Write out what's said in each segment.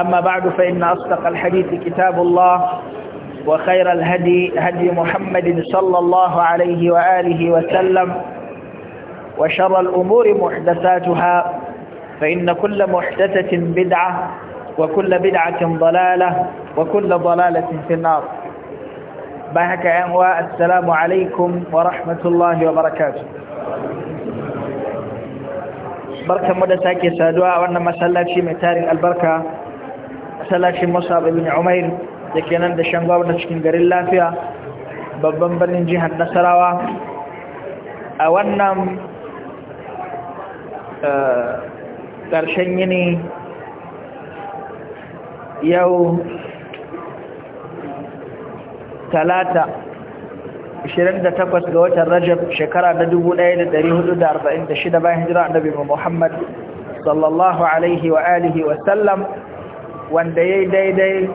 أما بعد فإن أصدق الحديث كتاب الله وخير الهدي هدي محمد صلى الله عليه وآله وسلم وشر الأمور محدثاتها فإن كل محدثة بدعة وكل بدعة ضلالة وكل ضلالة في النار بحك أنواء السلام عليكم ورحمة الله وبركاته بركة مدتك يا سادواء وأنما مسلات شيء متارك البركة masallacin musab ibn umair da ke nan da shan gwamna cikin garin lafiya babban birnin jihar nasarawa a wannan eh, ƙarshen yini yau talata 28 ga watan rajab shekara da 1446 bayan hijira annabi muhammad sallallahu alaihi wa alihi wa sallam wanda ya yi daidai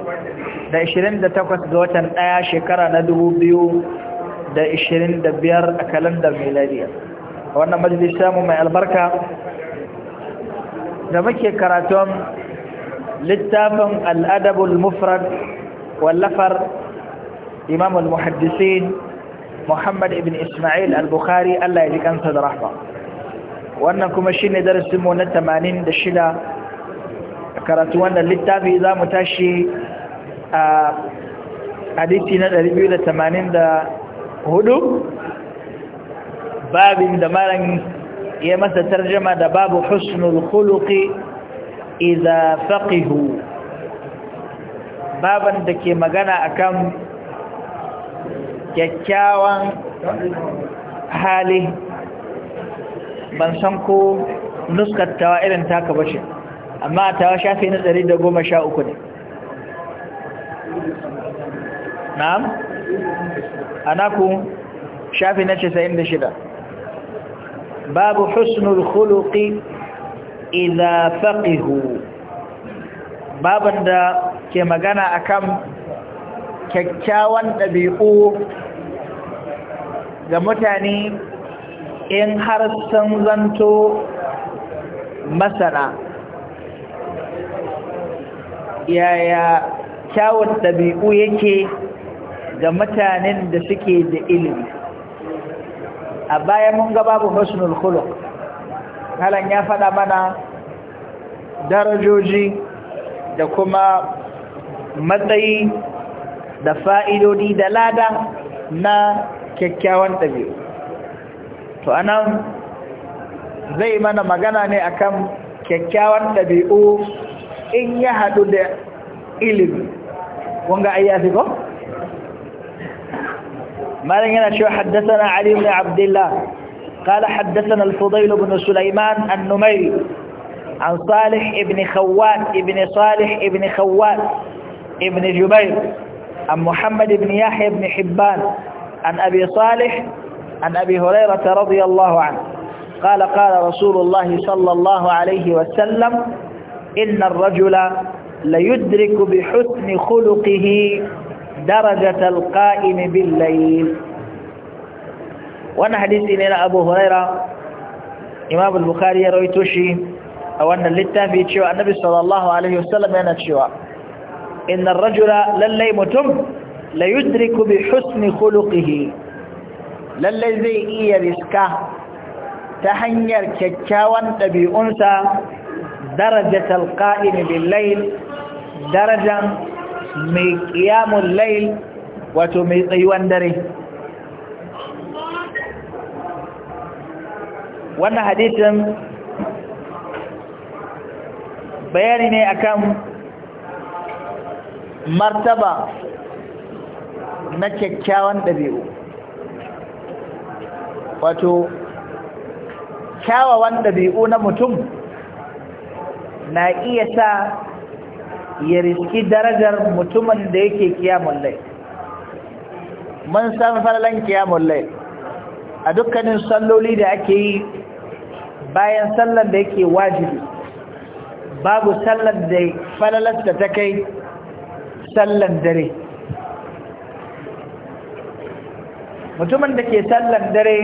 da 28 ga watan ɗaya shekara na 2025 a kalandar miladiya wannan majalisa mu mai albarka da muke karatun littafin al'adabul mufrad wallafar imam al-muhaddisin muhammad ibn ismail al-bukhari allah ya ji kansa da rahma wannan kuma shine darasinmu na 86 karatu wannan littafi za mu tashi a hadisi na 284 babin da malam ya masa tarjama da babu husnul khuluqi idza faqihu baban da ke magana akan kyakkyawan hali ban san ko nuskar irin taka bashi amma ta shafi na 113 ne na'am ku shafi na 96 babu husnul khuluqi idza faqihu baban da ke magana akan kyakkyawan ɗabi'u ga mutane in har sun zanto masana yaya kyawun ɗabi'u yake ga mutanen da suke da ilimi a baya mun ga babu husnul khuluq halan ya faɗa mana darajoji da kuma matsayi da fa'idodi da lada na kyakkyawan ɗabi'u to anan zai mana magana ne akan kyakkyawan ɗabi'u in ya hadu da ilimi wanga ayyafi ko مالك هنا شو حدثنا علي بن عبد الله قال حدثنا الفضيل بن سليمان النميري عن صالح ابن خوات ابن صالح ابن خوات ابن جبير عن محمد بن يحيى بن حبان عن أبي صالح عن أبي هريرة رضي الله عنه قال قال رسول الله صلى الله عليه وسلم إن الرجل ليدرك بحسن خلقه درجة القائم بالليل وانا حديث إلينا أبو هريرة إمام البخاري توشي أو أن للتافي تشوى النبي صلى الله عليه وسلم أنا تشوى إن الرجل للي متم ليدرك بحسن خلقه للي زي إيا رسكه تحنير hanyar تبي ɗabi'unsa darajatal qa'imi bil layl darajan mai qiyamul layl wato mai tsayuwan dare wannan hadisin bayani ne akan martaba na kyakkyawan dabi'u, wato kyawawan dabi'u na mutum na iya sa ya riski darajar mutumin da yake kiyamun lai mun san falalan kiyamun lai a dukkanin salloli da ake yi bayan sallar da yake wajibi babu sallar da falalasta ta kai sallar dare mutumin da ke sallar dare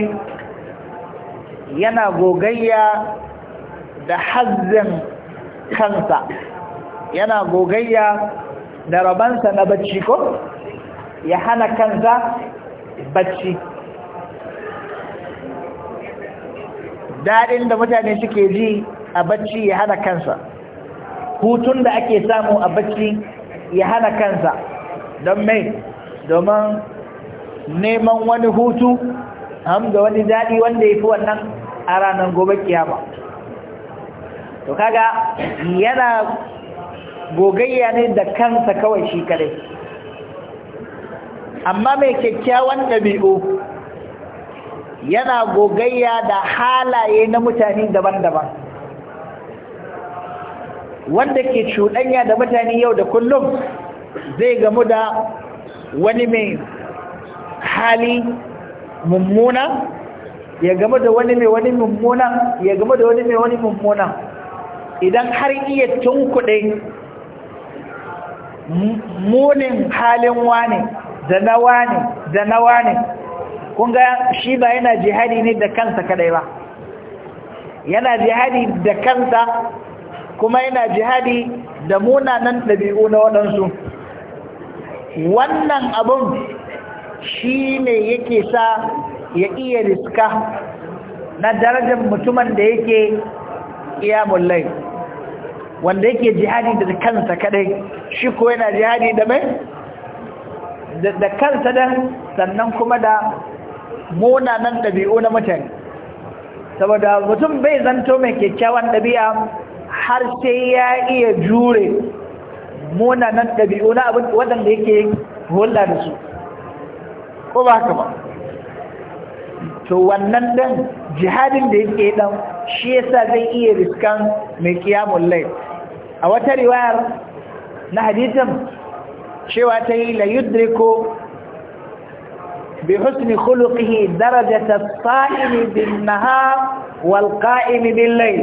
yana gogayya da hazzin kansa yana gogayya da rabansa na bacci ko ya hana kansa bacci daɗin da mutane suke ji a bacci ya hana kansa hutun da ake samu a bacci ya hana kansa don mai domin neman wani hutu da wani daɗi wanda ya fi wannan a ranar gobe kiyama to kaga yana gogayya ne da kansa kawai shi kare, amma mai kyakkyawan ɗabi'u yana gogayya da halaye na mutane daban-daban wanda ke cuɗanya da mutane yau da kullum zai gamu da wani mai hali mummuna ya gamu da wani mai wani mummuna ya gamu da wani mai wani mummuna idan har iya tunkuɗe munin halin wane da na wane da na wane kunga shi ba yana jihadi ne da kansa kadai ba yana jihadi da kansa kuma yana jihadi da munanan ɗabi'u na waɗansu wannan abun shi ne yake sa ya iya riska na darajar mutumin da yake iya mullai wanda yake jihadi da kansa kadai shi ko yana jihadi da mai da kansa da sannan kuma da munanan ɗabi'u na mutane saboda mutum bai zanto mai kyakkyawan ɗabi'a har sai ya iya jure munanan ɗabi'u na abin wadanda yake hulɗa da su ko ba haka ba to wannan ɗan jihadin da yake dan shi yasa zai iya riskan mai kiyamun laifin a wata riwayar na hadisin cewa ta yi la yudriku bi husni khuluqihi darajata as-sa'imi bin nahar wal qa'imi bil layl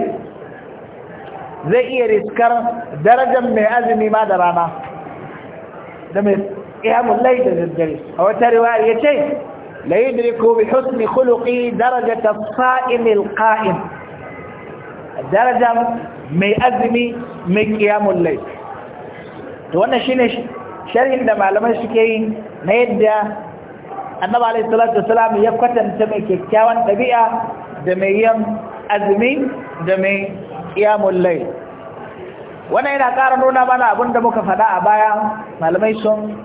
zai iya riskar darajar mai azumi ma da rana da mai iyamun lai da daddare a wata riwayar ya ce la yudriku bi husni khuluqi darajata saimi al-qa'im daraja mai azumi mai kiyamun lai to wannan shine sharhin da malamai suke yi na yadda annabi alaihi salatu wasalam ya kwatanta mai kyakkyawan ɗabi'a da mai yin azumi da mai kiyamun lai wannan yana ƙara nuna mana abin da muka faɗa a baya malamai sun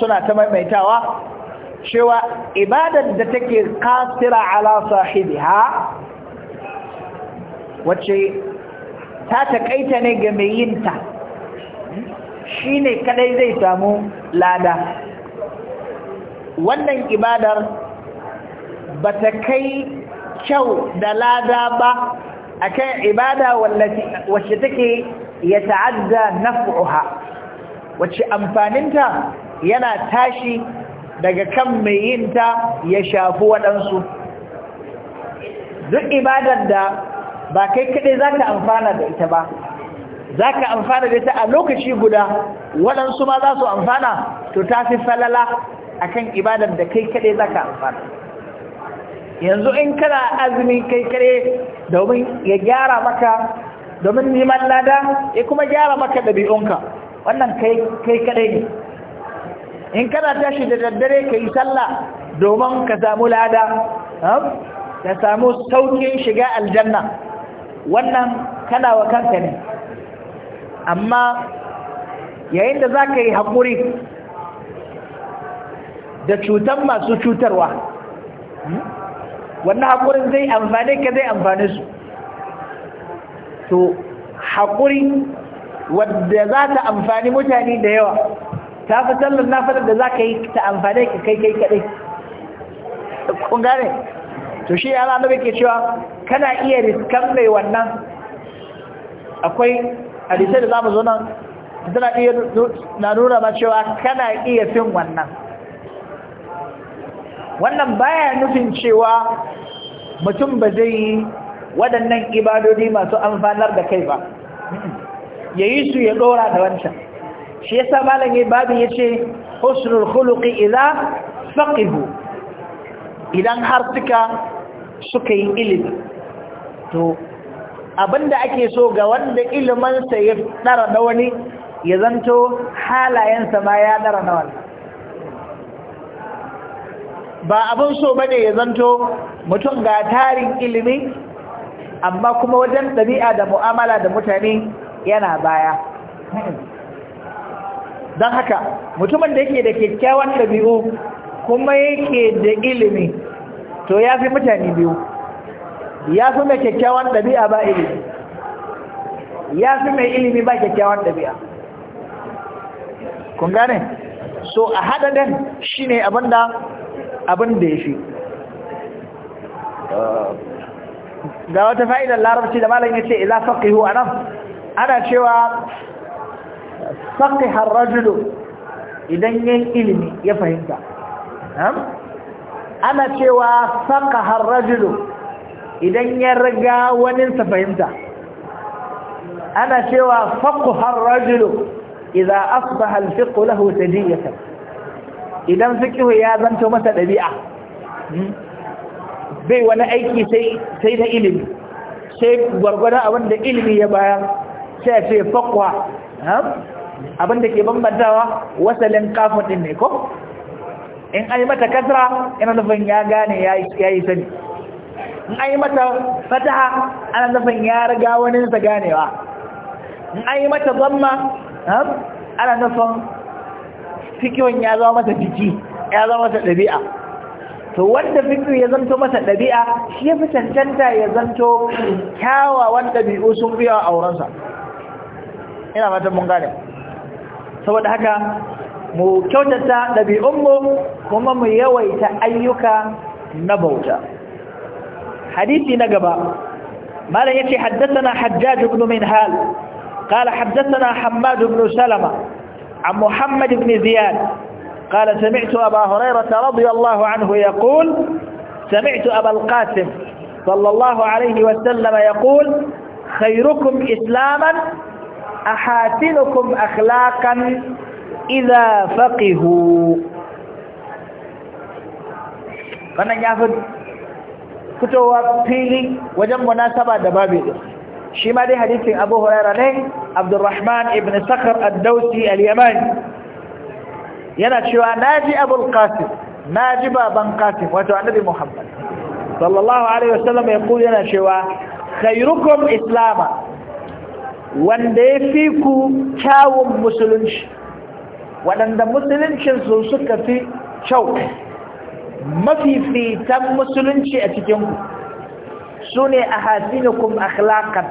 suna ta maimaitawa cewa ibadar da take kasira ala sahibiha wacce ta taƙaita ne ga mai yinta shi ne kadai zai samu lada wannan ibadar ba ta kai kyau da lada ba akan ibada wacce take ya ta'adda naf'uha wacce amfaninta yana tashi daga kan mai yinta ya shafi waɗansu duk ibadar da ba kai kaɗai za ka amfana da ita ba za ka amfana da ita a lokaci guda waɗansu ma za su amfana to ta fi falala a kan ibadar da kai kaɗai za ka amfana yanzu in kana azumi kai kaɗai domin ya gyara maka domin neman lada ya kuma gyara maka ɗabi'unka wannan kai kaɗai ne in kana tashi da daddare ka yi sallah domin ka samu lada ka samu sauƙin shiga aljanna wannan kana wa kanka ne amma yayin da za ka yi haƙuri da cutar masu cutarwa wannan haƙurin zai amfane ka zai amfane su to haƙuri wadda za ta amfani mutane da yawa ta fi tallar na fadar da za ka yi ta amfane ka kai kai kaɗai ƙungare to shi yana nabi ke cewa kana iya riskan mai wannan akwai hadisai da zamu zo nan tana iya na nuna ma cewa kana iya fin wannan wannan baya nufin cewa mutum ba zai yi waɗannan ibadodi masu amfanar da kai ba ya yi su ya ɗora da wancan shi ya sa malam ya babu ya ce husnul khuluqi idza faqihu idan har suka suka yi ilimi to abinda ake so ga wanda ilimansa ya dara na wani ya zanto halayensa ma ya dara da wani ba abin so bane ya zanto mutum ga tarin ilimi amma kuma wajen ɗabi'a da mu'amala da mutane yana baya don haka mutumin da yake da kyakkyawan ɗabi'u kuma yake da ilimi to ya fi mutane biyu ya fi mai kyakkyawan ɗabi'a ba ilimi ya fi mai ilimi ba kyakkyawan ɗabi'a kun gane so a haɗa ɗan shi ne abin da ya fi ga wata fa'idar larabci da malam ya ce ila faƙihu a nan ana cewa harar rajulu idan yin ilimi ya fahimta ana cewa harar rajulu idan ya riga waninsa fahimta ana cewa faƙuhar rajulu idan asbaha alfiqu lahu tadiyatan idan fiqhu ya zanto masa dabi'a hmm, bai wani aiki sai sai na ilimi sai gwargwadon abin da ilimi ya bayar sai a ce faqwa abin da ke bambantawa wasalin kafin din ne ko in ai mata kasra ina nufin ya gane ya yi sani in ai mata fataha ana nufin ya riga wani sa ganewa in ai yi mata zamma ana nufin fikiyon ya zama mata fiki ya zama mata ɗabi'a to wanda fikiyo ya zanto mata ɗabi'a shi ya fi cancanta ya zanto wanda biyu sun biya wa aurensa ina fatan mun gane saboda haka mu kyautata ɗabi'unmu kuma mu yawaita ayyuka na bauta حديثي نقبا ما لا يتي حدثنا حجاج بن منهال قال حدثنا حماد بن سلمة عن محمد بن زياد قال سمعت أبا هريرة رضي الله عنه يقول سمعت أبا القاسم صلى الله عليه وسلم يقول خيركم إسلاما أحاسنكم أخلاقا إذا فقهوا فأنا يأخذ fitowa fili wajen munasaba da babu din shi ma dai hadisin Abu Hurairah ne Abdurrahman ibn Sakhr ad-Dawsi al-Yamani yana cewa naji Abu al-Qasim naji baban Qasim wato Annabi Muhammad sallallahu alaihi wasallam ya kula yana cewa khairukum islama wanda ya fi ku kyawun musulunci waɗanda musuluncinsu suka fi kyau mafifitan musulunci a cikinku su ne a hasinukun akhlaƙar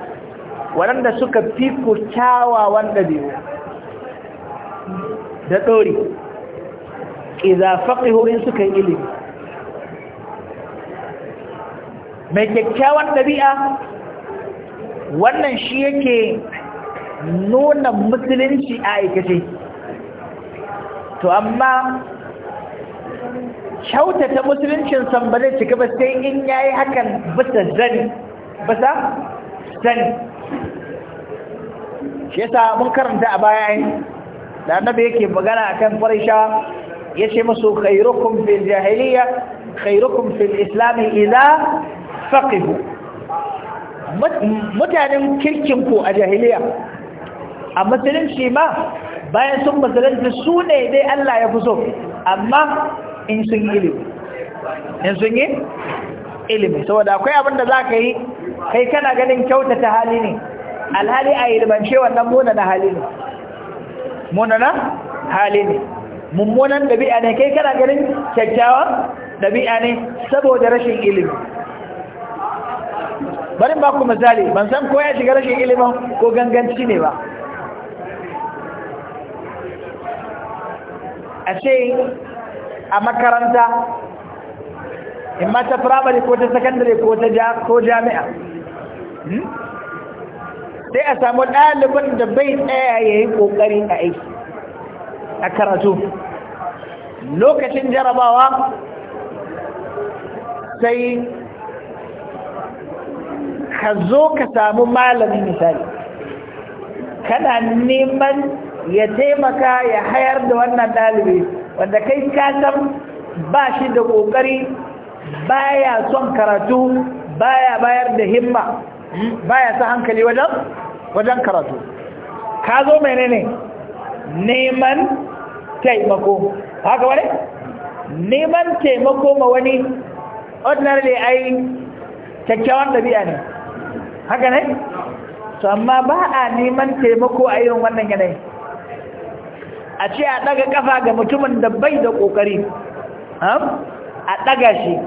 waɗanda suka fi ku kyawawan ɗabi'u da ɗori iza faqihu suka yi ilimi mai kyakkyawan ɗabi'a wannan shi yake nuna musulunci a aikace to amma kyautata musuluncin san zai cika ba sai in ya yi hakan bisa zani bisa zani shi yasa mun karanta a baya da annabi yake magana akan farisha ce musu khairukum fil jahiliya khairukum fil islami idza faqihu mutanen kirkin ku a jahiliya a musulunci ma bayan sun musulunci su ne dai Allah ya fi so amma in sun yi ilimi in sun yi ilimi saboda akwai abinda za ka yi kai kana ganin kyautata hali ne alhali a ilimance wannan munana hali ne munana hali ne mummunan ɗabi'a ne kai kana ganin kyakkyawan ɗabi'a ne saboda rashin ilimi bari ba ku misali ban san ko ya shiga rashin ilimin ko ganganci ne ba a ce a makaranta in ma ta firamare ko ta sakandare ko ta jami'a sai a samu ɗaliban da bai tsaya ya yi ƙoƙari a aiki a karatu lokacin jarabawa sai ka zo ka samu malami misali kana neman ya taimaka ya hayar da wannan ɗalibi wanda kai kasan ba shi da ƙoƙari baya son karatu baya bayar da himma baya sa hankali wajen wajen karatu ka zo menene neman taimako haka wani neman taimako ma wani ordinarily ai kyakkyawan ɗabi'a ne haka ne to amma ba a neman taimako a irin wannan yanayi a ce a ɗaga ƙafa ga mutumin da bai da ƙoƙari, a ɗaga shi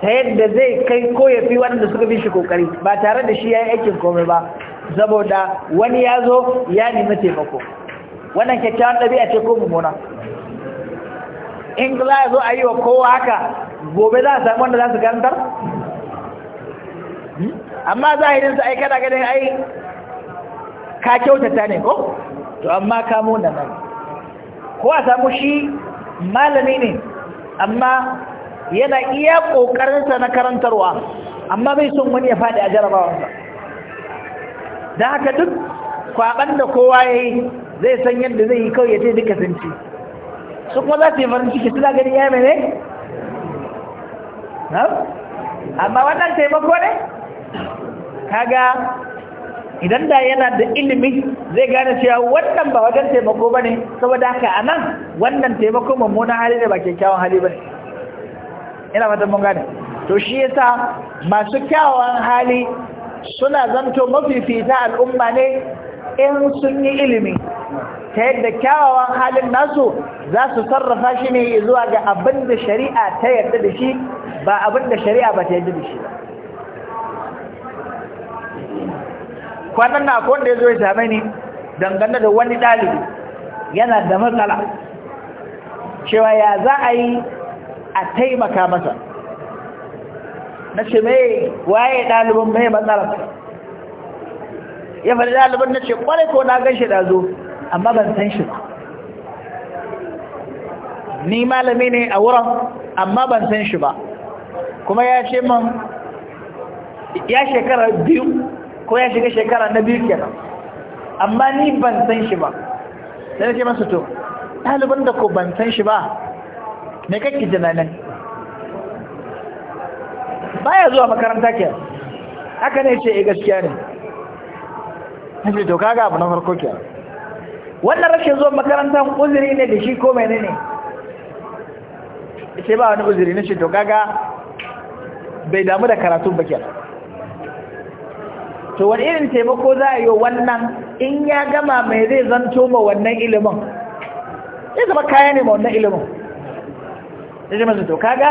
ta yadda zai kai ko ya fi wanda suka fi shi ƙoƙari, ba tare da shi ya yi aikin komai ba saboda wani ya zo ya nemi taimako wannan kyakkyawan ɗabi'a ce ko mummuna in za a zo a yi wa kowa haka gobe za a sami wanda za su karantar hmm? amma za a zahirinsa ai kada ganin ai ka kyautata ne ko to amma ka muna nan ko a samu shi malami ne amma yana iya ƙoƙarinsa na karantarwa amma bai son wani ya faɗi a jarabawansa da haka duk kwaɓan da kowa ya zai san yadda zai yi kawai ya ce duka sun su kuma za su yi farin ciki suna gani ya mene? amma wannan taimako ne? kaga idan da yana da ilimi zai gane cewa wannan ba wajen taimako ba ne saboda haka a nan wannan taimako mummunan hali ne ba kyakkyawan hali ba ne ina fatan mun gane to shi yasa masu kyawawan hali suna zanto mafifita al'umma ne in sun yi ilimi ta yadda kyawawan halin nasu za su sarrafa shi ne zuwa ga abin da shari'a ta yadda da shi ba abin da shari'a ba ta yadda da shi ba kwanan na akwai wanda ya zo ya same ni dangane da wani ɗalibi yana da matsala cewa ya za a yi a taimaka masa na ce mai waye ɗalibin mai matsala ya faɗi ɗalibin na ce kwarai ko na gan shi da zo amma ban san shi ni malami ne a wurin amma ban san shi ba kuma ya ce man ya shekara biyu ko ya shiga shekara na biyu kenan amma ni ban san shi ba sai nake masa to ɗaliban da ko ban san shi ba me kake tunanin baya zuwa makaranta ke haka ne ce eh gaskiya ne haji to kaga abu na farko ke wannan rashin zuwa makaranta uzuri ne da shi ko menene sai ba wani uzuri ce to kaga bai damu da karatu ba kenan to wani irin taimako za a yi wannan in ya gama mai zai zanto ma wannan ilimin ya zama kaya ne ma wannan ilimin ya ji masu to kaga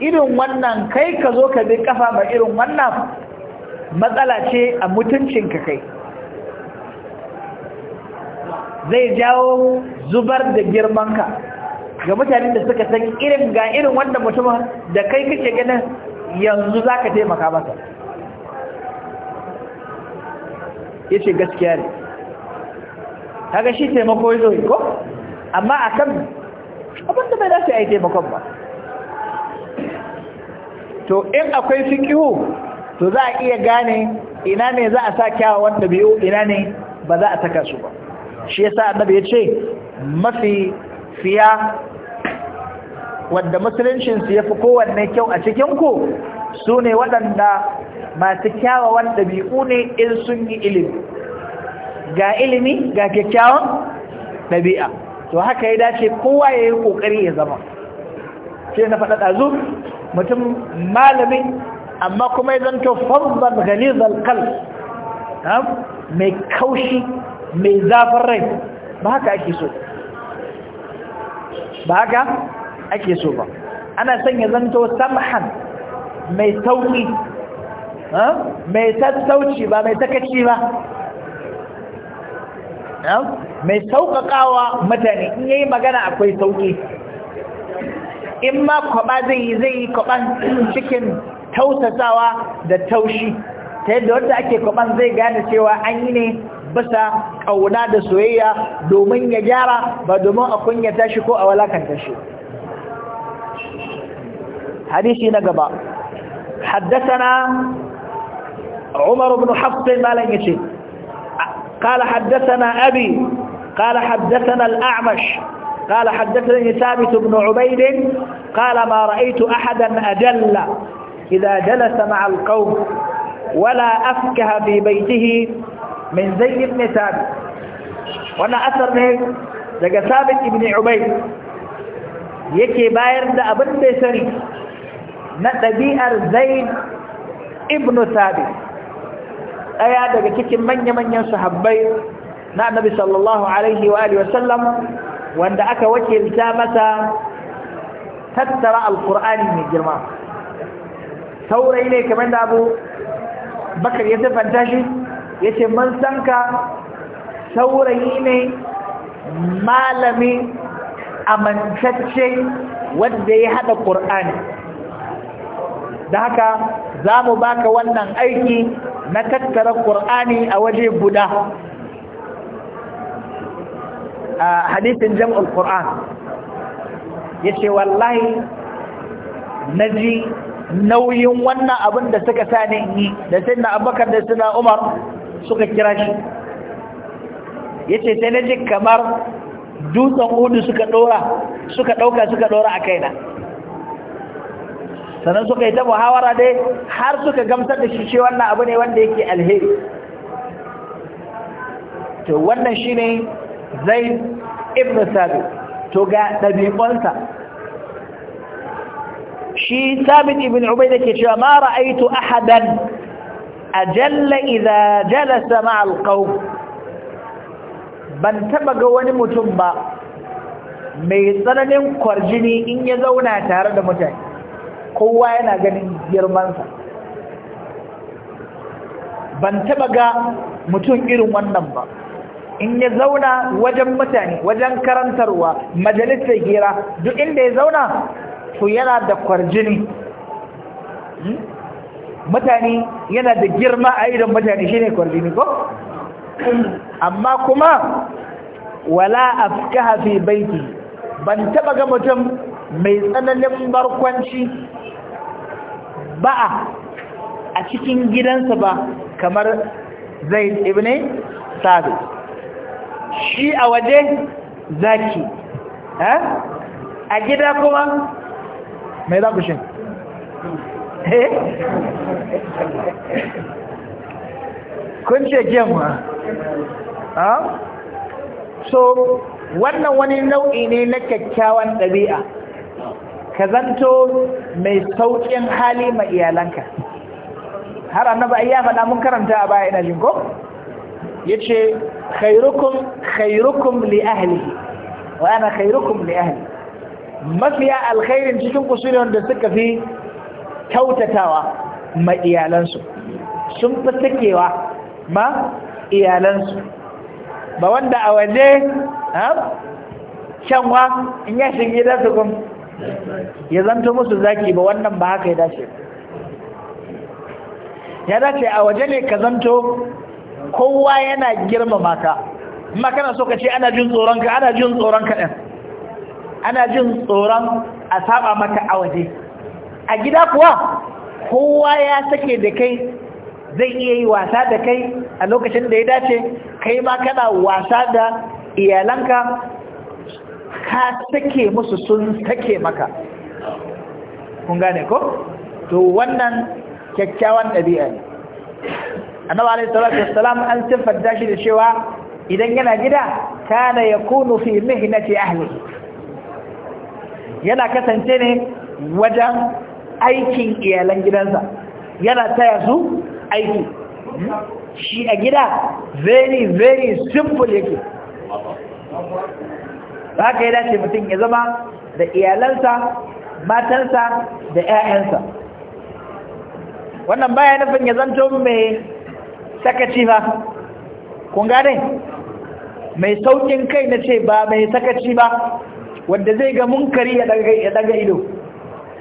irin wannan kai ka zo ka bi kafa ma irin wannan matsala ce a mutuncinka kai zai jawo zubar da girmanka ga mutanen da suka san irin ga irin wanda mutumin da kai kake ganin yanzu za ka taimaka masa yace ce gaskiya ne kaga shi taimako ya ko amma a kan abinda bai dace a yi taimakon ba to in akwai fikihu to za a iya gane ina ne za a sa kyawawan ɗabi'u ina ne ba za a saka su ba shi yasa annabi yace mafi fiya wanda musuluncinsu ya fi kowanne kyau a cikin ku sune waɗanda masu kyawawan ɗabi'u ne in sun yi ilimi ga ilimi ga kyakkyawan ɗabi'a to haka ya dace kowa ya yi ƙoƙari ya zama ce na faɗa ɗazu mutum malami amma kuma ya zanto farbal gani zalkal mai kaushi mai zafin rai ba haka ake so ba haka ake so ba ana son ya zanto samhan mai sauƙi mai sassauci ba mai takaci ba mai sauƙaƙawa mutane in yayi magana akwai sauƙi in ma kwaba zai yi zai yi kwaban cikin tausasawa da taushi ta yadda wanda ake kwaban zai gane cewa an yi ne bisa ƙauna da soyayya domin ya gyara ba domin a kunya tashi ko a walakanta shi hadisi na gaba haddasa na. عمر بن حفص ما لن يشي قال حدثنا أبي قال حدثنا الأعمش قال حدثني ثابت بن عبيد قال ما رأيت أحدا أجل إذا جلس مع القوم ولا أفكه في بيته من زيد بن ثابت وانا أثر ne لقى ثابت بن عبيد يكي باير da أبن da نتبيئر زيد ابن ثابت ɗaya daga cikin manya-manyan sahabbai na annabi sallallahu alaihi wa alihi wasallam wanda aka wakilta masa tattara alkur'ani mai girma saurayi ne kamar da abu bakar ya siffanta shi ya ce man ka saurayi ne malami amintacce wanda ya haɗa ƙur'ani da haka za mu baka wannan aiki na tattara ƙur'ani a waje guda a hadisin jam'ul ƙur'an ya ce wallahi na ji nauyin wannan abin da suka sa yi da sai na abokan da suna umar suka kira shi ya ce sai na ji kamar dutsen hudu suka ɗora suka ɗauka suka ɗora a kaina sannan suka yi ta muhawara dai har suka gamsar da shi ce wannan abu ne wanda yake alheri to wannan shi ne zai ibn sabi to ga ɗabi'unsa shi sabit ibn ubai da ke cewa ma ra'aitu ahadan ajalla idza jalasa ma'al ban taɓa ga wani mutum ba mai tsananin kwarjini in ya zauna tare da mutane kowa yana ganin girmansa ban taba ga mutum irin wannan ba in ya zauna wajen mutane wajen karantarwa majalisar gera, duk inda ya zauna to yana da kwarjini hmm? mutane yana da girma a idan mutane shine kwarjini ko amma kuma wala afkaha fi baiti ban taba ga mutum mai tsananin barkwanci Ba a cikin gidansa ba kamar zai ibne sabi shi a waje zaki eh? a gida kuma mai shi eh? kun ce gemma so wannan wani nau'i ne na kyakkyawan ɗabi'a ka zanto mai sauƙin hali ma iyalanka har annaba ba ya faɗa mun karanta a baya ina jin ko yace khairukum khairukum li ahlihi wa ana khairukum li ahli mafiya alkhairin cikin ku sune wanda suka fi kautatawa ma iyalansu sun fi sakewa ma iyalansu ba wanda a waje ha kyanwa in ya shiga da su kuma ya zanto musu zaki ba wannan ba haka ya dace ya dace a waje ne ka zanto kowa yana girmama ka amma kana so ka ce ana jin tsoron ka ana jin tsoron ka din ana jin tsoron a saba maka a waje a gida kuwa kowa ya sake da kai zai iya yi wasa da kai a lokacin da ya dace kai ma kana wasa da iyalanka ka sake musu sun sake maka kun gane ko to wannan kyakkyawan ɗabi'a ne annabi alayhi salatu wassalam an siffanta shi da cewa idan yana gida kana yakunu fi mihnati ahli yana kasance ne wajen aikin iyalan gidansa yana taya su aiki shi a gida very very simple yake Ba ka yi dace mutum ya zama da iyalansa matansa da 'ya'yansa wannan baya nufin ya zanto mai sakaci ba kun gane mai saukin kai na ce ba mai sakaci ba wanda zai ga munkari ya daga ido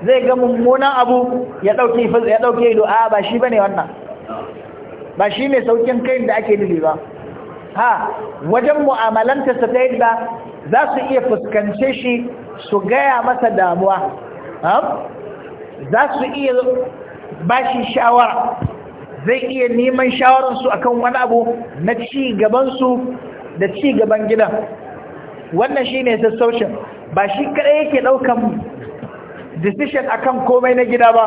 zai ga mummunan abu ya dauke ido a ba shi bane wannan ba shi mai saukin kai da ake nufi ba ha wajen mu'amalantarsa ta yadda za su iya fuskance shi su gaya masa damuwa za su iya bashi shawara zai iya neman shawararsu akan wani abu na ci gabansu da ci gaban gidan wannan shi ne sassaucin ba shi kaɗai yake ɗaukan decision akan komai na gida ba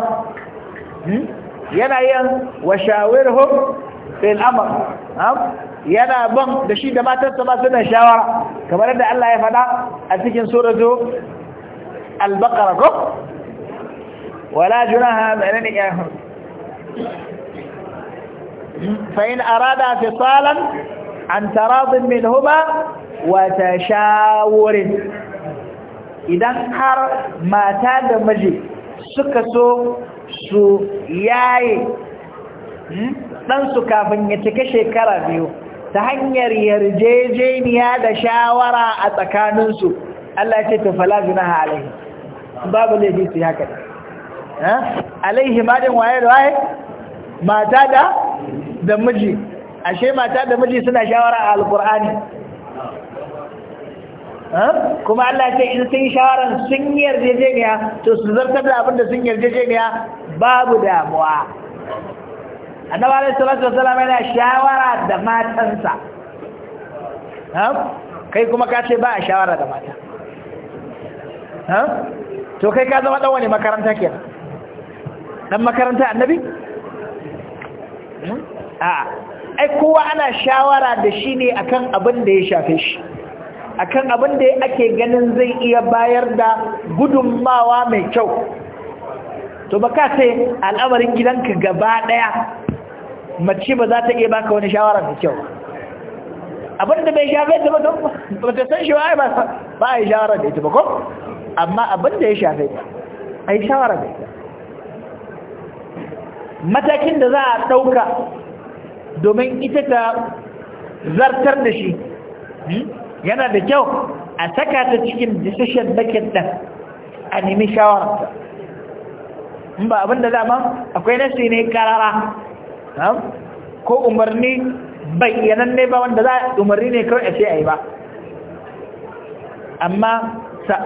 hmm? yana yin washawar home fil'amar yana ban da shi da matarsa ba suna shawara kamar yadda Allah ya faɗa a cikin suratu al-baqara ko wala junaha bainana ya fa in arada fisalan an taradin minhuma wa tashawurin idan har mata da miji suka so su yaye hmm, ɗansu kafin ya cika shekara biyu ta hanyar yarjejeniya da shawara a tsakaninsu Allah ce ta fala junaha alaihi babu laifi su haka alaihi madin waye da waye mata da da miji ashe mata da miji suna shawara a alkur'ani kuma Allah ce in sun shawaran sun yarjejeniya to su zartar da abinda sun yarjejeniya babu damuwa annabi alaihi salatu wasallam yana shawara da matansa kai kuma ka ce ba a shawara da mata to kai ka zama dan wani makaranta kenan dan makaranta annabi hmm? a ai kowa ana shawara da shi ne akan abin da ya shafe shi akan abin da ake ganin zai iya bayar da gudunmawa mai kyau to baka sai al'amarin gidanka gaba daya mace ba za ta iya baka wani shawara da kyau abin da bai shafe ta ba ba ta san shi ba ba a yi shawara da ita ba ko amma abin da ya shafe ta a yi shawara da ita matakin da za a ɗauka domin ita ta zartar da shi hmm, yana da kyau a saka ta cikin decision making ɗin a nemi shawararta in ba abin da dama akwai nasi ne karara ko umarni ne ba wanda za a umarni ne kawai a ce a yi ba amma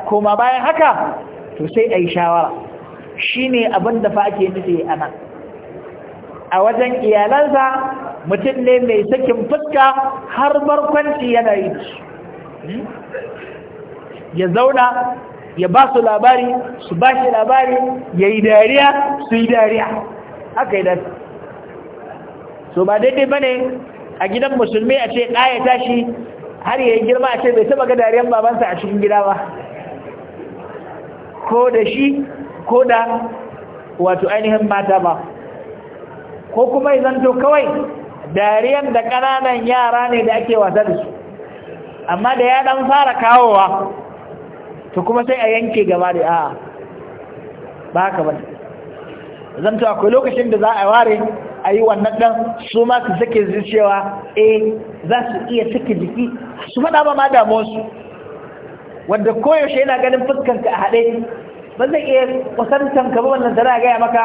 koma bayan haka to sai a yi shawara shi ne abin da fa ake nufi a nan a wajen iyalansa mutum ne mai sakin fuska har barkwanci yana yi hmm? ya zauna ya ba su labari su ba shi labari ya yi dariya su yi dariya haka yi dariya To ba daidai ba ne a gidan musulmi a ce ɗaya tashi har yayi girma a ce bai taba ga dariyan babansa a cikin gida ba ko da shi ko da wato ainihin mata ba ko kuma izanto kawai dariyan da ƙananan yara ne da ake wasa da su amma da ya ɗan fara kawowa to kuma sai a yanke gaba da a'a ba haka ba zanto akwai lokacin da za a ware a yi wannan ɗan su ma su sake cewa eh za su iya sake jiki su faɗa ba ma su wanda koyaushe yana ganin fuskanka a haɗe ba zai iya kusantan ka ba wannan tana gaya maka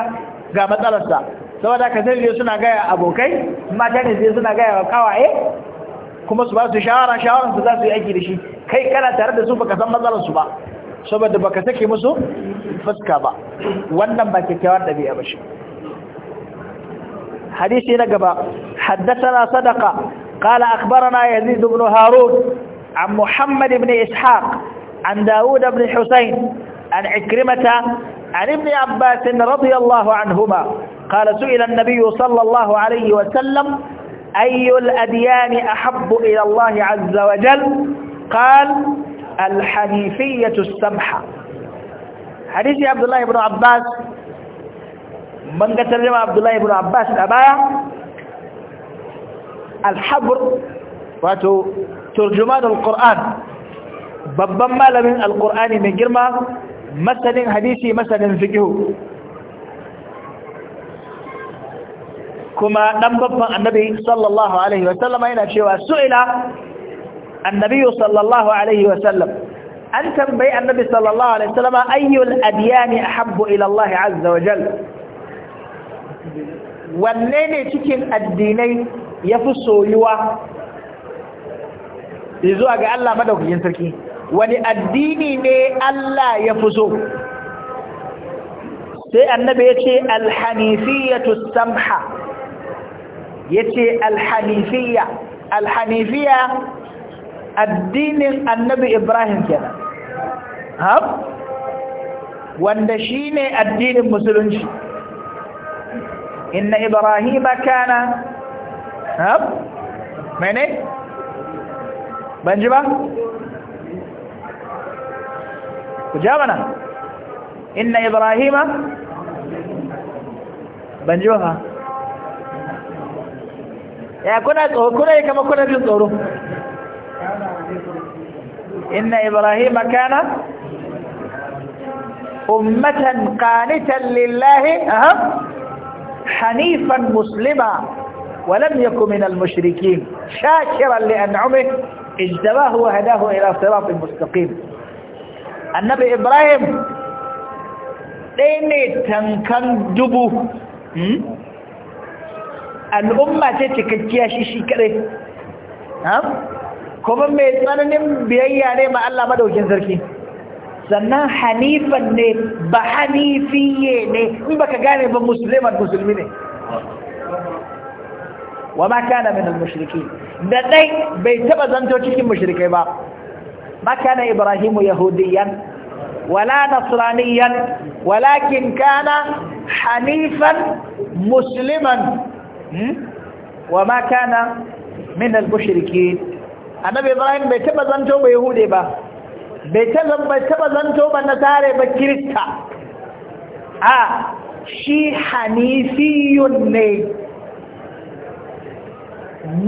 ga matsalarsa saboda ka zai suna gaya abokai mata ne zai suna gaya wa kawaye kuma su ba su shawara shawaran su za su yi aiki da shi kai kana tare da su baka san matsalarsu ba saboda baka sake musu fuska ba wannan ba kyakkyawar ɗabi'a ba shi حديث نقبة حدثنا صدقة قال أخبرنا يزيد بن هارون عن محمد بن إسحاق عن داود بن حسين عن عكرمة عن ابن عباس رضي الله عنهما قال سئل النبي صلى الله عليه وسلم أي الأديان أحب إلى الله عز وجل قال الحنيفية السمحة حديث عبد الله بن عباس من قتلوا عبد الله بن عباس ابايا الحبر واتو ترجمان القران بابا ما لم القران من جرمه مثلا حديثي مثلا فقه كما دم بابا النبي صلى الله عليه وسلم الى شيوا سئل النبي صلى الله عليه وسلم ان تنبئ النبي صلى الله عليه وسلم اي الاديان احب الى الله عز وجل wanne ne cikin addinai ya fi soyuwa zuwa ga Allah madaukakin sarki wani addini ne Allah ya fi so sai annabi ya ce alhanifiyatu samha ya ce alhanifiya alhanifiya addinin annabi ibrahim kenan ha wanda ne addinin musulunci ان ابراهيم كان ها من ايه بنجبا وجابنا ان ابراهيم بنجبا يا كنا كنا كما كنا في الظروف ان ابراهيم كان امه قانتا لله اهب حنيفا مسلما ولم يكن من المشركين شاكرا لأنعمه اجتباه وهداه إلى صراط مستقيم النبي إبراهيم ديني تنكن دبو الأمة تتكتيا شيشي كري كم من يتمنى بيئي علي ما ألا مدوكين ذركين سنا حنيفا ني بحنيفيه ني مبكا غاني بمسلم المسلمين وما كان من المشركين ددي بيتبا زنتو تشكي مشركين با ما كان ابراهيم يهوديا ولا نصرانيا ولكن كان حنيفا مسلما وما كان من المشركين النبي ابراهيم بيتبا زنتو يهودي با bai taba zanto ba tare ba kirista a shi hanifiyun ne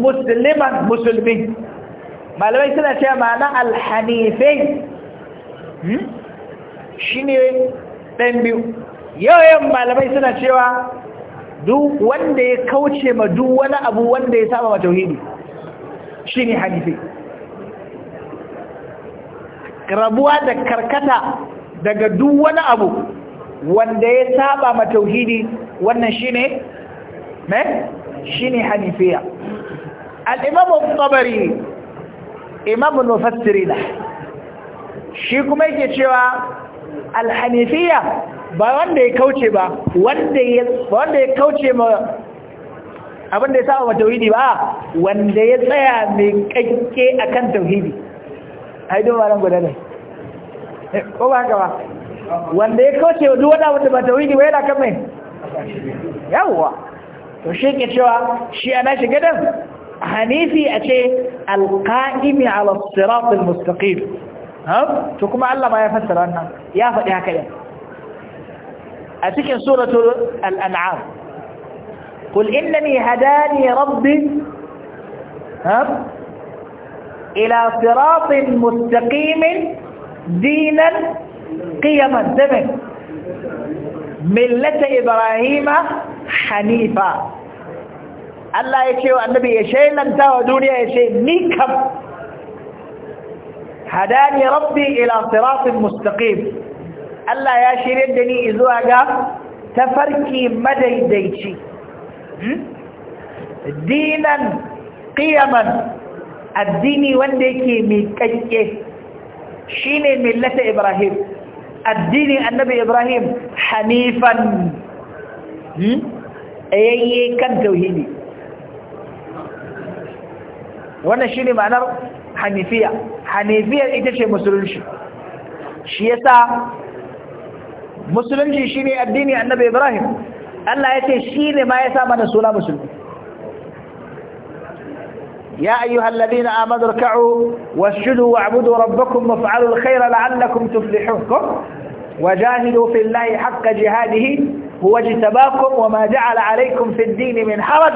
musulman musulmi malamai suna ce ma'ana alhanifai hmm, shi ne ɗan biyu yawayen malamai suna cewa duk wanda ya kauce ma duk wani abu wanda ya saba ma tauhidi shi ne hanifai rabuwa da karkata daga duk wani abu wanda ya saba ma tauhidi wannan shine me shine hanifiya al-imam at-tabari imam mufassirin shi kuma yake cewa al-hanifiya ba wanda ya kauce ba wanda ya wanda ya kauce ma abinda ya saba ma tauhidi ba wanda ya tsaya mai kakke akan tauhidi ai duk malam guda ne ko ba haka ba wanda ya kauce duk wanda wanda ba tawhidi ba yana kan mai yawwa to shi ke cewa shi ana shiga dan hanifi a ce alqa'imi ala sirat almustaqim ha to kuma Allah ma ya fassara wannan ya faɗi haka ne a cikin suratul al-an'am قل إنني هداني ربي ها الى صراط مستقيم دينا قيما زمن ملة ابراهيم حنيفا الله يشيو النبي يشيو لن تهو دوليا يشيو ميكب هداني ربي الى صراط مستقيم الله يشيو لدني ازوها قام تفركي مدى ديتي دينا قيما addini wanda yake mai kanke shine millata ibrahim addini annabi ibrahim hanifan hmm? yayye kan tauhidi wannan shi ne ma'anar hanifiya hanifiyar ita ce musulunci shi yasa musulunci shi ne addini annabi ibrahim Allah ya ce shi ne ma ya sa mana suna Musulunci. يا أيها الذين آمنوا اركعوا واسجدوا واعبدوا ربكم وافعلوا الخير لعلكم تفلحون وجاهدوا في الله حق جهاده هو اجتباكم وما جعل عليكم في الدين من حرج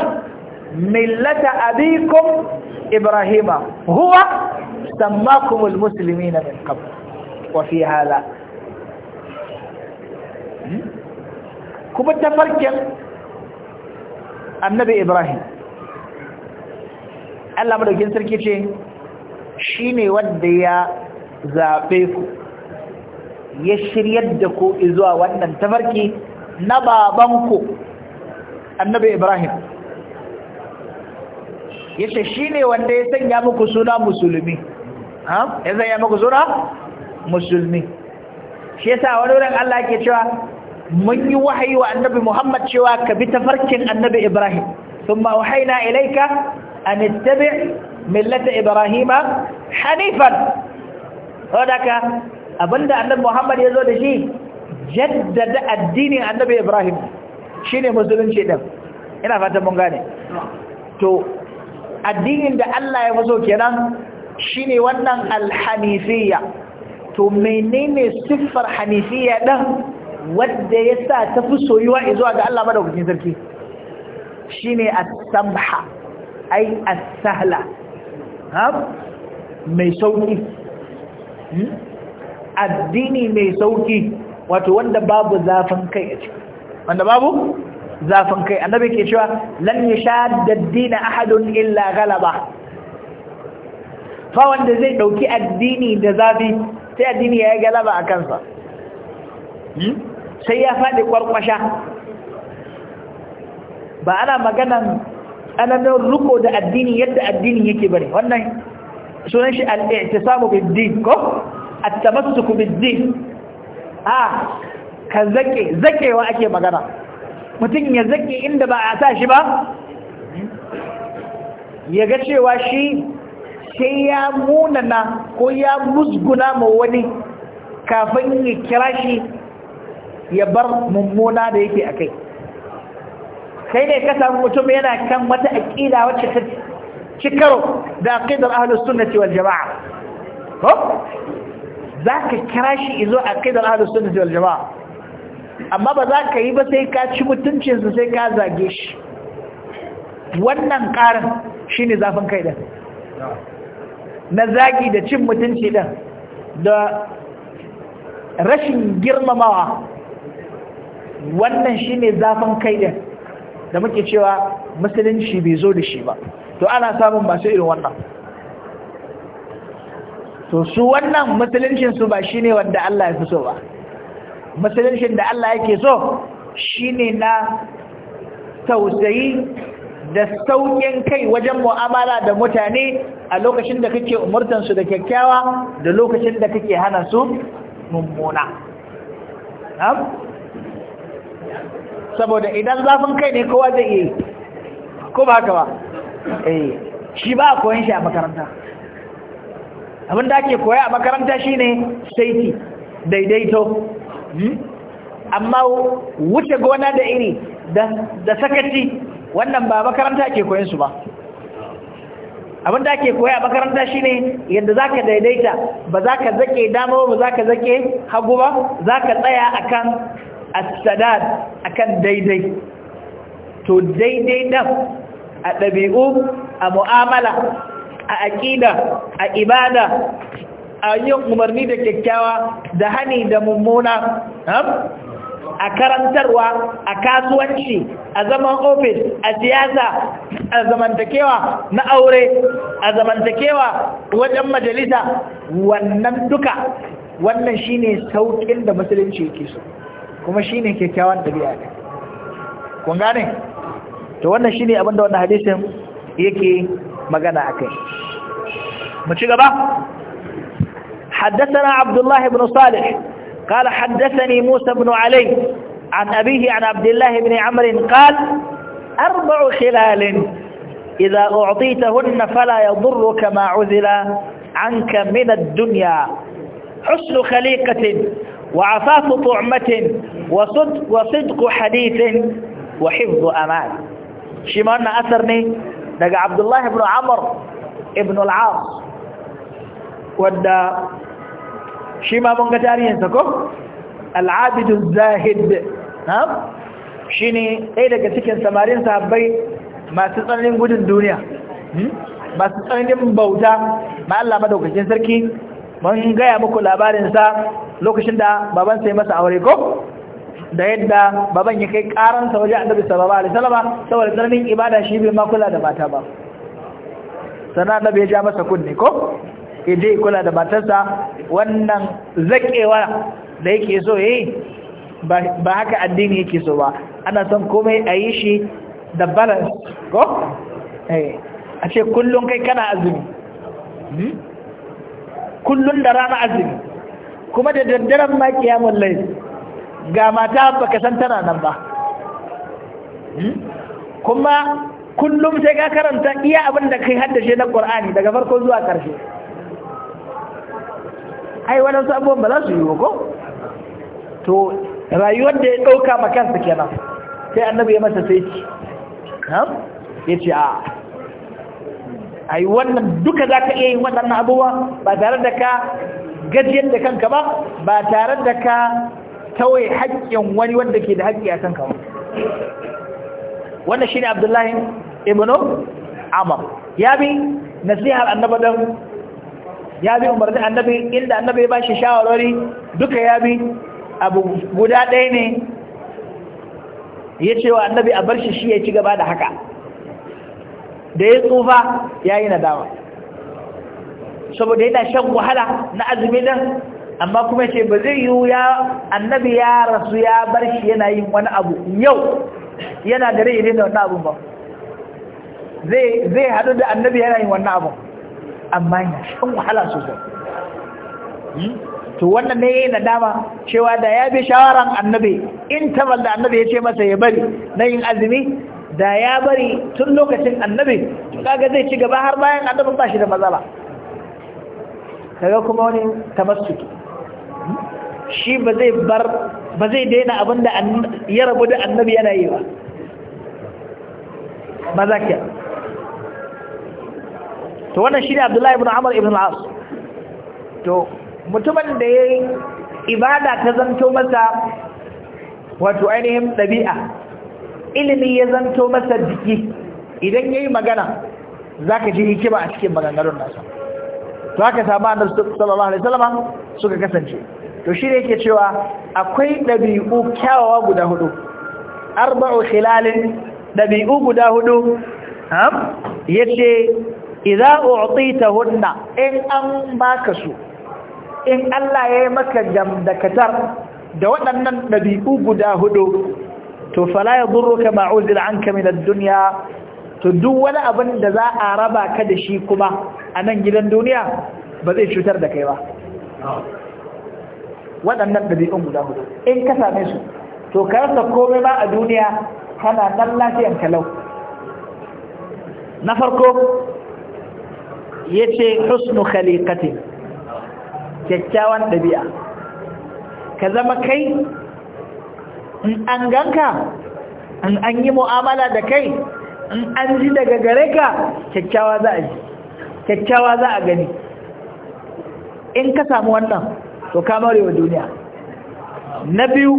ملة أبيكم إبراهيم هو سماكم المسلمين من قبل وفي هذا كم التفرق النبي إبراهيم Allah madaukin sarki ce shi ne wanda ya zaɓe ku ya shiryar da ku zuwa wannan tafarki na babanku annabi Ibrahim ya ce shi ne wanda ya sanya muku suna musulmi ya sanya muku suna musulmi shi yasa wani wurin Allah ke cewa mun yi wahayi wa annabi Muhammad cewa ka bi tafarkin annabi Ibrahim ثم أوحينا إليك an ittabi millata ibrahima hanifan saboda abinda annabi Muhammad ya zo da shi jaddada addinin annabi Ibrahim shine musulunci din ina fatan mun gane to addinin da Allah ya maso kenan shine wannan al-hanifiyya to menene siffar hanifiyya din wanda yasa ta fi soyuwa zuwa ga Allah madaukakin sarki shine as-samha ai as-sahla mai sauki hmm? addini mai sauki wato wanda babu zafin kai a ciki wanda babu zafin kai annabi ke cewa lan yashadda ad-din ahadun illa ghalaba fa wanda zai dauki addini da zafi sai addini ya galaba a kansa hmm? sai ya fadi kwarkwasha ba ana maganan tsananin riko da addini yadda addini yake bari wannan sunan shi al-i'tisamu bid-din ko at-tamassuk bid-din a ka zake zakewa ake magana mutum ya zake inda ba a sa shi ba ya ga cewa shi sai ya munana ko ya musguna ma wani kafin ya kira shi ya bar mummuna da yake a kai kai ne ka samu mutum yana kan wata aƙida wacce ta ci karo da aƙidar ahlus sunnati wal jama'a ko za ka kira shi izo aƙidar ahlus sunnati wal jama'a amma ba za ka yi ba sai ka ci mutuncinsa sai ka zage shi wannan ƙarin shi ne zafin kai ɗin na zagi da cin mutunci ɗin da rashin girmamawa wannan shi ne zafin kai ɗin da muke cewa musulunci bai zo da shi ba to ana samun masu irin wannan to su wannan musuluncin su ba shine wanda Allah ya fi so ba musuluncin da Allah yake so shine na tausayi da sauƙin kai wajen mu'amala da mutane a lokacin da kake umurtansu da kyakkyawa da lokacin da kake hana su mummuna. saboda idan zafin kai ne kowa zai iya yi ko ba haka ba eh shi ba a koyon shi a makaranta abin da ake koya a makaranta shine saiti daidaito hmm? amma wuce gona da iri da sakaci wannan ba makaranta ke koyon su ba abin da ake koya a makaranta shine yadda zaka daidaita ba zaka zake dama ba zaka zake hagu ba zaka tsaya akan as-sadad akan daidai to daidai nan a ɗabi'u a mu'amala a aƙida a ibada a yin umarni da kyakkyawa da hani da mummuna a karantarwa a kasuwanci a zaman ofis a siyasa a zamantakewa na aure a zamantakewa wajen majalisa wannan duka wannan shine sauƙin da musulunci yake so kuma shine kyakkyawan dabi'a kun gane to wannan shine abin da wannan hadisin yake magana akai mu ci gaba حدثنا عبد الله بن صالح قال حدثني موسى بن علي عن أبيه عن عبد الله بن عمر قال أربع خلال إذا أعطيتهن فلا يضرك ما عزل عنك من الدنيا حسن خليقة وعفاف طعمة وصدق حديث وحفظ أمان شمان أثرني دقى عبد الله بن عمر ابن العاص ودى شما من قتارين تكو العابد الزاهد نعم شيني ايه دقى سكن سمارين صحبي ما تسألين قد الدنيا ما تسألين بوتا ما ألا مدوك جنسركي mun gaya muku labarinsa lokacin da baban sai masa aure ko da yadda baban ya kai karansa waje annabi sallallahu alaihi wasallam saboda tsananin ibada shi bai ma kula da mata ba sannan annabi ya ja masa kunne ko je kula da matarsa wannan zakewa da yake so yayi ba haka addini yake so ba ana son komai a yi shi da balance ko? Eh, a ce kullum kai kana azumi hmm? kullum da rana azumi kuma da daddaren ma kiyamun ga mata baka san tana nan ba hmm? kuma kullum sai ka karanta iya abin da kai haddace na Qur'ani daga farko zuwa ƙarshe ai wannan abubuwan ba za su yi ko to rayuwar da ya dauka ma kansa kenan sai annabi ya masa sai ki ha yace a ai wannan duka za ka iya yin waɗannan abubuwa ba tare da ka gajiyar da kanka ba ba tare da ka tawaye haƙƙin wani wanda ke da haƙƙi a kanka ba wannan shi ne abdullahi ibnu amam ya bi nasihar annaba don ya bi umarni annabi inda annabi ba shi shawarwari duka ya bi abu guda ɗaya ne ya ce wa annabi a bar shi shi ya ci gaba da haka da ya tsufa ya yi nadama saboda yana shan wahala na azumi nan amma kuma ce ba zai yi ya annabi ya rasu ya bar shi yana yin wani abu yau yana da rai irin da wannan abun ba zai haɗu da annabi yana yin wannan abu amma yana shan wahala sosai hmm? to wannan ne yi nadama cewa da ya bi shawaran annabi in tabal da annabi ya ce masa ya bari na yin azumi da ya bari tun lokacin annabi kaga zai ci gaba har bayan annabin ba shi da matsala kaga kuma wani tamassuki shi ba zai bar ba zai daina abin da ya rabu da annabi yana yi ba maza ke to wannan shi ne abdullahi ibn amur ibn al'as to mutumin da ya yi ibada ta zanto masa wato ainihin ɗabi'a ilimi ya zanto masa jiki idan ya yi magana za ka ji hikima a cikin maganganun nasa to haka sahaba annabi sallallahu alaihi wasallam suka kasance to shi ne yake cewa akwai ɗabi'u kyawawa guda hudu arba'u khilalin dabi'u guda hudu ham yace idza hunna in an baka su in Allah ya yi maka jamdakatar da waɗannan ɗabi'u guda hudu to fala ya durruka ma uzila anka min ad-dunya to duk wani abin da za a raba ka da shi kuma a nan gidan duniya ba zai cutar da kai ba waɗannan ɗabi'un guda hudu in ka same su to ka rasa komai ba a duniya kana nan lafiyan kalau na farko ya ce husnu khaliqati kyakkyawan ɗabi'a ka zama kai in an ganka in an yi mu'amala da kai in an ji daga gare ka kyakkyawa za a ji kyakkyawa za a gani in ka samu wannan to ka wa duniya na biyu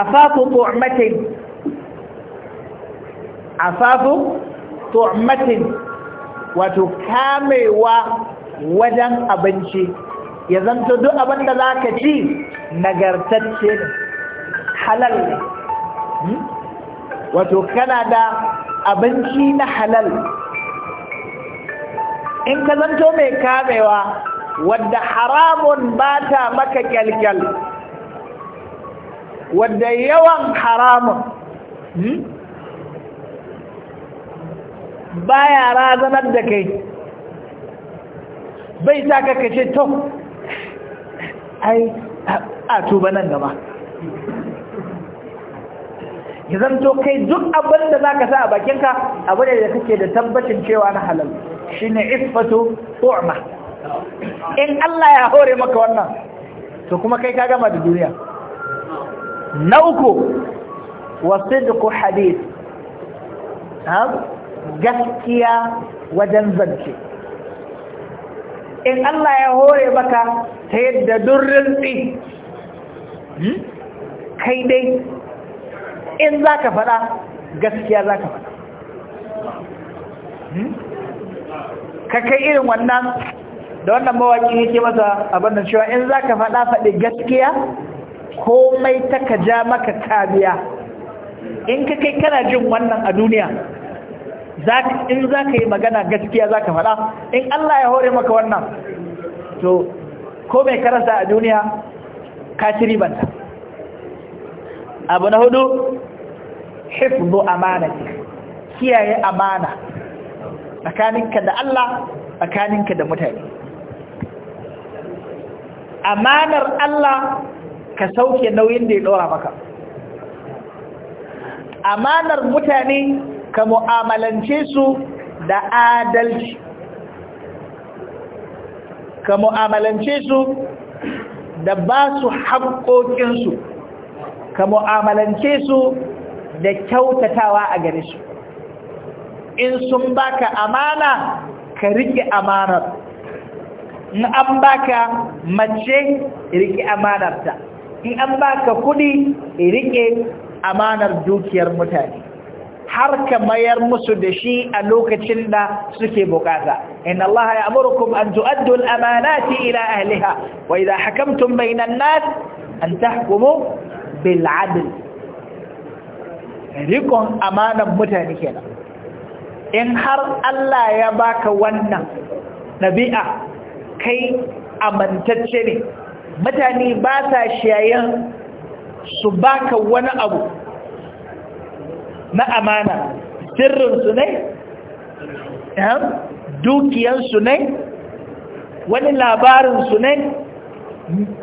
afafu tu'matin afafu tu'matin wato kamewa wajen abinci ya zanta duk abinda za ka ci nagartacce ne halal ne hmm? wato kana da abinci na halal in ka zanto mai kamewa wadda haramun ba ta maka kyalkyal wadda yawan haramun hmm? baya razanar da kai bai sa ka kace to ai a tuba nan gaba ya zanto kai duk abin da za ka sa a bakinka abu da kake da tabbacin cewa na halal shi ne isfatu tu'ma in Allah ya hore maka wannan to kuma kai ka gama da duniya na uku wasidku hadith gaskiya wajen zance in Allah ya hore maka ta yadda durin tsi hmm? kai dai in za ka faɗa gaskiya za ka faɗa hmm? ka kai irin wannan da wannan mawaƙi ke masa abin da cewa in za ka faɗa faɗi gaskiya komai ta ka ja maka kariya in ka kai kana jin wannan a duniya in za ka yi magana gaskiya za ka faɗa in Allah ya hore maka wannan to ko mai karanta a duniya ka ci ribanta abu na hudu hifzu amanati kiyaye amana tsakaninka da Allah tsakaninka da mutane amanar Allah ka sauke nauyin da ya dora maka amanar mutane ka mu'amalance su da adalci ka mu'amalance su da ba su haƙoƙinsu ka mu'amalance su da kyautatawa a gare su in sun baka amana ka riƙe amanar in an baka mace riƙe amanarta in an baka kuɗi riƙe amanar dukiyar mutane har ka mayar musu da shi a lokacin da suke bukata inna Allah ya'murukum an tu'addu al-amanati ila ahliha wa idha hakamtum bayna nas an tahkumu bil 'adl rikon amanan mutane kenan in har Allah ya baka wannan dabi'a kai amantacce ne mutane ba sa su baka wani abu na amana sirrinsu ne ehm? dukiyarsu ne wani labarinsu ne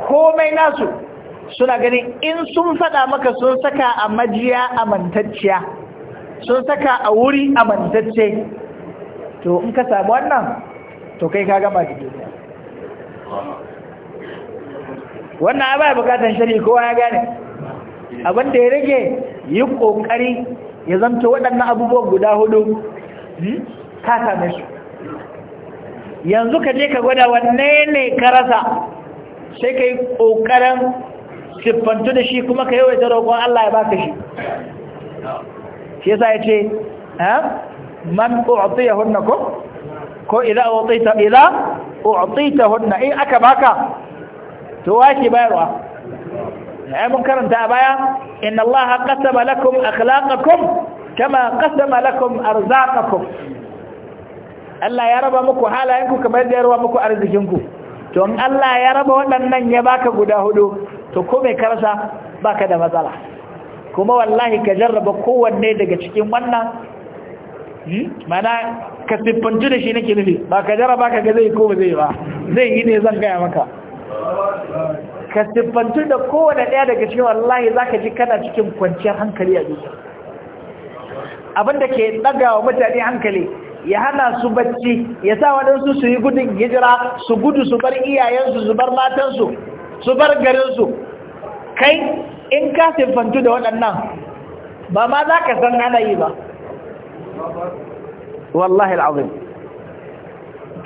komai nasu suna ganin in sun fada maka sun saka a majiya amantacciya sun saka a wuri amantacce to in ka samu wannan to kai ka gama da duniya wannan abai bukatan shari'a kowa ya gane abinda ya rage yi ƙoƙari ya zanto waɗannan abubuwan guda hudu ka hmm, same su yanzu ka je ka gwada wanne ne ka rasa sai ka yi ƙoƙarin siffantu da shi kuma ka yawaita roƙon Allah ya baka shi shi yasa ya ce man ya hunna ko ko idan a ta hunna in aka baka to wa ke bayarwa ai eh, mun karanta a baya inna allaha qasama lakum akhlaqakum kama qasama lakum arzaqakum Allah ya raba muku halayenku kamar da ya raba muku arzikinku to in Allah ya raba waɗannan ya baka guda hudu to ko mai karsa baka da matsala kuma wallahi ka jarraba kowanne daga cikin wannan mana hmm? ka siffantu da shi nake nufi ba ka jarraba ka ga zai ko ba zai ba zai yi ne zan gaya maka ka siffantu da kowane ɗaya daga cikin wallahi za ka ji kana cikin kwanciyar hankali a zuciya abinda ke ɗaga wa mutane hankali ya hana su bacci ya sa waɗansu su yi gudun hijira su gudu su bar iyayensu su bar matansu su bar garinsu kai in ka siffantu da waɗannan ba ma za ka san ana yi ba wallahi al'azim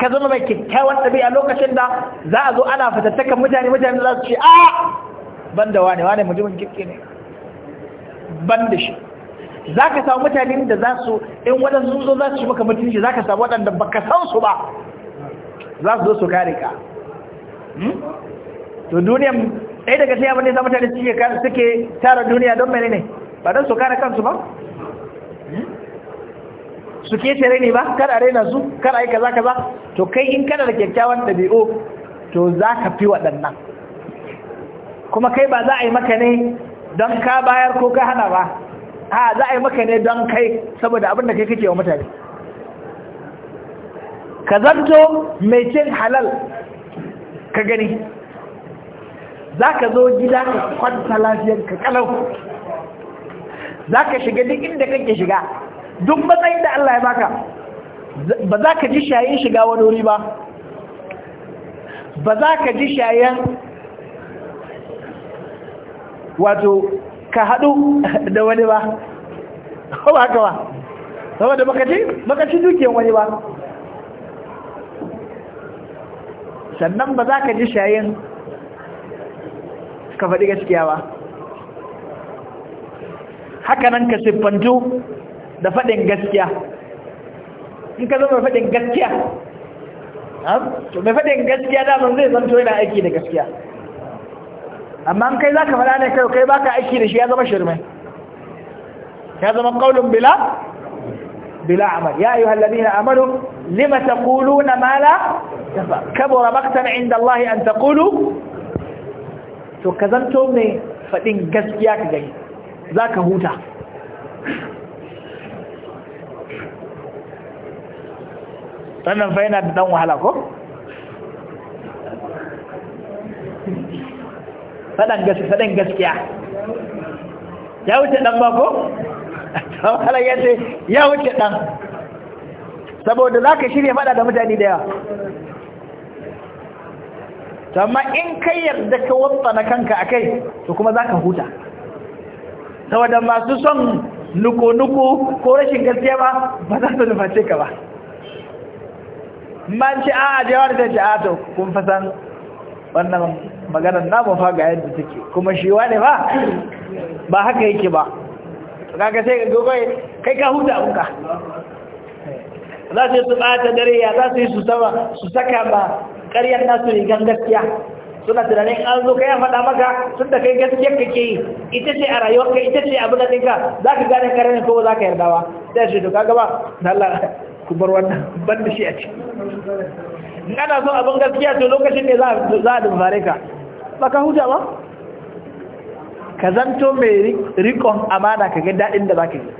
ka zama mai kyakkyawan ɗabi'a lokacin da za a zo ana fitattakan mutane mutane za su ce a ban da wane wane mutumin kirki ne ban da shi za ka samu mutane da za su in waɗansu sun zo za su maka mutunci za ka samu waɗanda ba ka san su ba za su zo su kare ka hmm? to duniyan ɗaya daga sai abin ne za mutane suke tara duniya don mene ne ba don su kare kansu ba su ke tare ne ba kar a raina su kar a yi kaza kaza to kai in kana da kyakkyawan ɗabi'u to za ka fi waɗannan kuma kai ba za a yi maka ne don ka bayar ko ka hana ba a za a yi maka ne don kai saboda abin da kai kake wa mutane ka zanto mai cin halal ka gani za ka zo gida ka kwanta lafiyar ka kalau za ka shiga duk inda kake shiga duk matsayin da Allah ya baka ba za ka ji shayin shiga wani wuri ba ba za ka ji shayin wato ka haɗu da wani ba ba haka ba saboda makaci dukiyar wani ba sannan ba za ka ji shayin ka faɗi gaskiya ba haka nan ka siffantu da faɗin gaskiya in ka zama faɗin gaskiya to mai faɗin gaskiya daman zai zanto yana aiki da gaskiya amma in kai za ka faɗa ne kai kai ka aiki da shi ya zama shirme ya zama ƙaunin bila bila amal ya ayyuhal ladina amanu lima taquluna ma la kabura maqtan inda Allah an ta kulu, to ka zanto mai faɗin gaskiya ka gani za ka huta Sannan fa yana da dan wahala ko fadan gaskiya fadan gaskiya ya wuce dan ba ko wahala ce, ya wuce dan saboda za ka shirye fada da mutane da yawa amma in kai yarda ka watsa na kanka kai, to kuma za ka huta saboda masu son nuku-nuku ko rashin gaskiya ba ba za su nuface ka ba man ci a jawar da ci a to kun fa san wannan maganar namu fa ga yadda take kuma shi wane ba ba haka yake ba kaga sai ga gobe kai ka huta abunka za su yi su ɓata dare ya za su yi su sama su saka ba ƙaryar nasu rigan gaskiya suna tunanin an zo ka ya faɗa maka sun da kai ka kake yi ita ce a ka ita ce abin da ɗinka za ka gane ƙarni ko za ka yarda ba sai shi to kaga ba ku bar wannan ban da shi a ciki in so abin gaskiya to lokacin ne za a dumfare ka ba ka huta ba ka zanto mai rikon amana ka ga daɗin da za ka yi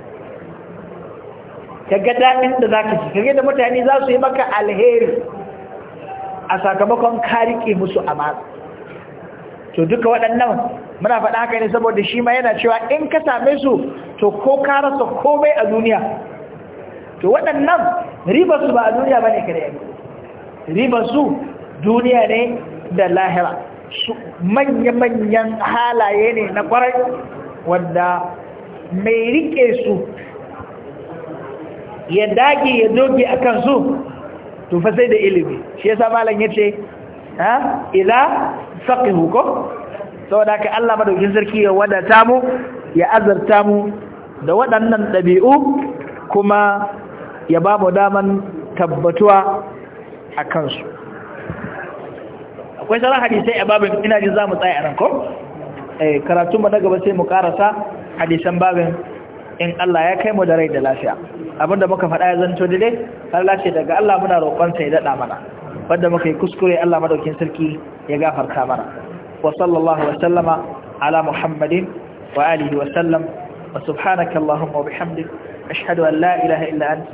ka ga daɗin za ka ci kage da mutane za su yi maka alheri a sakamakon kariƙe musu amana to duka waɗannan muna faɗa haka ne saboda shi ma yana cewa in ka same su to ko ka rasa komai a duniya to waɗannan ribar su ba a duniya ba ne kare ribar su duniya ne da lahira su manya-manyan halaye ne na kwarai wanda mai riƙe su ya dage ya doge a kansu tufa sai da ilimi shi yasa malam ya ce ha ila faqihu ko saboda ka Allah madaukin sarki ya wadata mu ya azarta mu da waɗannan ɗabi'u kuma ya ba mu daman tabbatuwa a kansu akwai sauran hadisai a babin ina jin za mu tsaye a nan ko? Eh, karatun mu na gaba sai mu karasa hadisan babin in Allah ya kai mu da rai da lafiya abinda muka faɗa ya zanto dai har lafiya daga Allah muna roƙonsa ya daɗa mana wanda muka yi kuskure Allah madaukin sarki ya gafarta mana wa sallallahu wa sallama ala muhammadin wa alihi wa sallam wa subhanaka allahumma wa bihamdik ashhadu an la ilaha illa anta